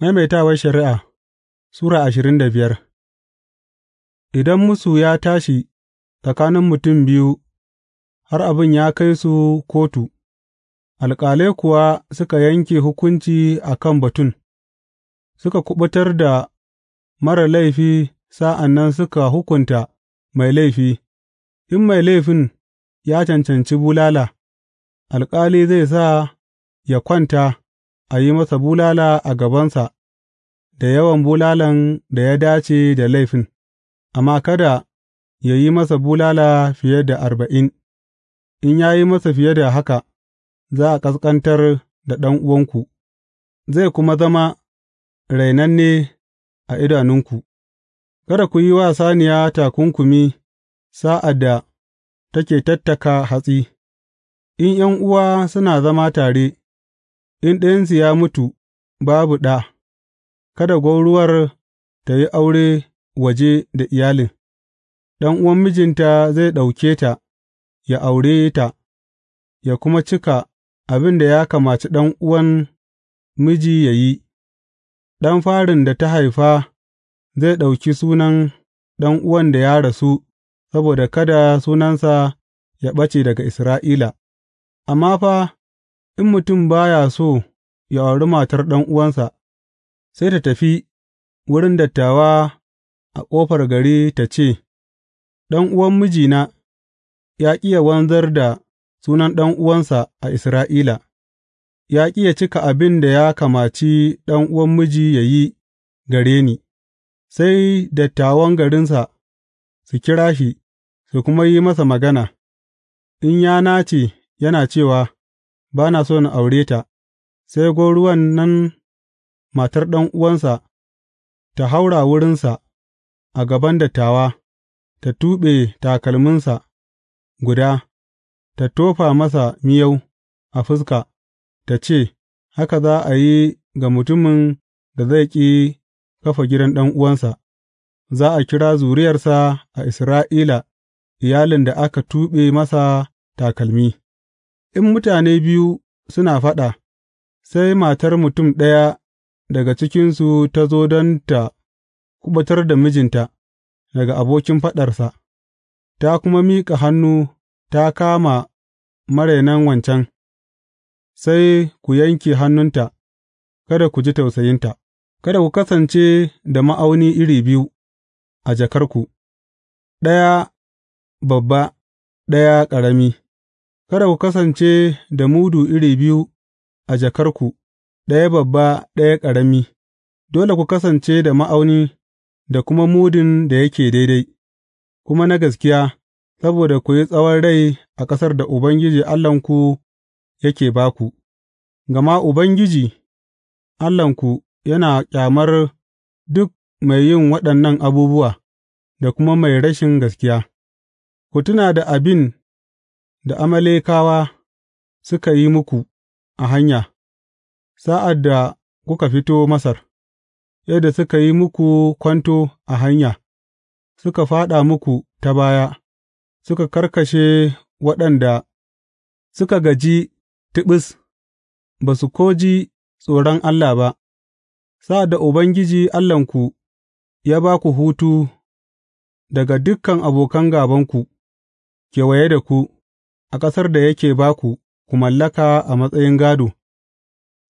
Maimaitawar Shari'a Sura ashirin da biyar Idan musu ya tashi tsakanin mutum biyu har abin ya kai su kotu, alƙalai kuwa suka yanke hukunci a kan batun, suka kuɓutar da marar laifi sa'an nan suka hukunta mai laifi, in mai laifin ya cancanci bulala, alƙali zai sa ya kwanta. a yi masa bulala a gabansa da yawan bulalan da ya dace da laifin, amma kada ya yi masa bulala fiye da arba'in, in ya yi masa fiye da haka, za a ƙasƙantar da ɗan'uwanku, zai kuma zama rainanne a idanunku, kada ku yi wa saniya takunkumi sa'ad da take tattaka hatsi, in uwa suna zama tare. In ɗayansu ya mutu babu ɗa, kada gwauruwar ta yi aure waje da iyalin, Ɗan uwan mijinta zai ɗauke ta ya aure ta, ya kuma cika abin da ya kamaci uwan miji ya yi, ɗan farin da ta haifa zai ɗauki sunan ɗan uwan da ya rasu saboda kada sunansa ya ɓace daga Isra'ila, amma fa. In mutum ba ya so ya auri matar ɗan'uwansa, sai ta tafi wurin dattawa a ƙofar gari ta ce, Ɗan'uwan mijina ya ƙi yă wanzar da sunan ɗan'uwansa a Isra'ila, ya ƙi yă cika abin da ya kamaci uwan miji ya yi gare ni, sai dattawan garinsa su kira shi, su kuma yi masa magana, in ya nace yana cewa. ba na so na aure ta, sai gwauruwan nan matar ɗan'uwansa ta haura wurinsa a gaban dattawa, ta tuɓe takalminsa guda, ta tofa masa miyau a fuska, ta ce, Haka za a yi ga mutumin da zai ƙi kafa gidan ɗan'uwansa, za a kira zuriyarsa a Isra'ila iyalin da aka tuɓe masa takalmi. In mutane biyu suna faɗa, sai matar mutum ɗaya daga cikinsu ta zo don ta kuɓutar da mijinta daga abokin faɗarsa, ta kuma miƙa hannu ta kama marainan wancan, sai ku yanke hannunta, kada ku ji tausayinta, kada ku kasance da ma'auni iri biyu a jakarku, ɗaya babba, ɗaya ƙarami. Kada ku kasance da mudu iri biyu a jakarku, ɗaya babba ɗaya ƙarami; dole ku kasance da ma'auni da kuma mudun da yake daidai, kuma na gaskiya, saboda ku yi tsawon rai a ƙasar da Ubangiji Allahnku yake ba ku, gama Ubangiji Allahnku yana ƙyamar duk mai yin waɗannan abubuwa da kuma mai rashin gaskiya. Ku da abin. da Amalekawa suka yi muku a hanya, sa'ad da kuka fito Masar, yadda suka yi muku kwanto a hanya, suka fāɗa muku ta baya, suka karkashe waɗanda suka gaji tiɓis, ba su ko ji tsoron Allah ba, sa'ad da Ubangiji Allahnku ya ba ku hutu daga dukan abokan gābanku kewaye da ku. a ƙasar da yake ba ku ku mallaka a matsayin gādo,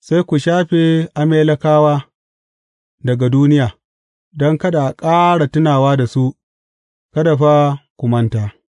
sai ku shafe Amalekawa daga duniya, don kada a ƙara tunawa da su, kada fa ku manta.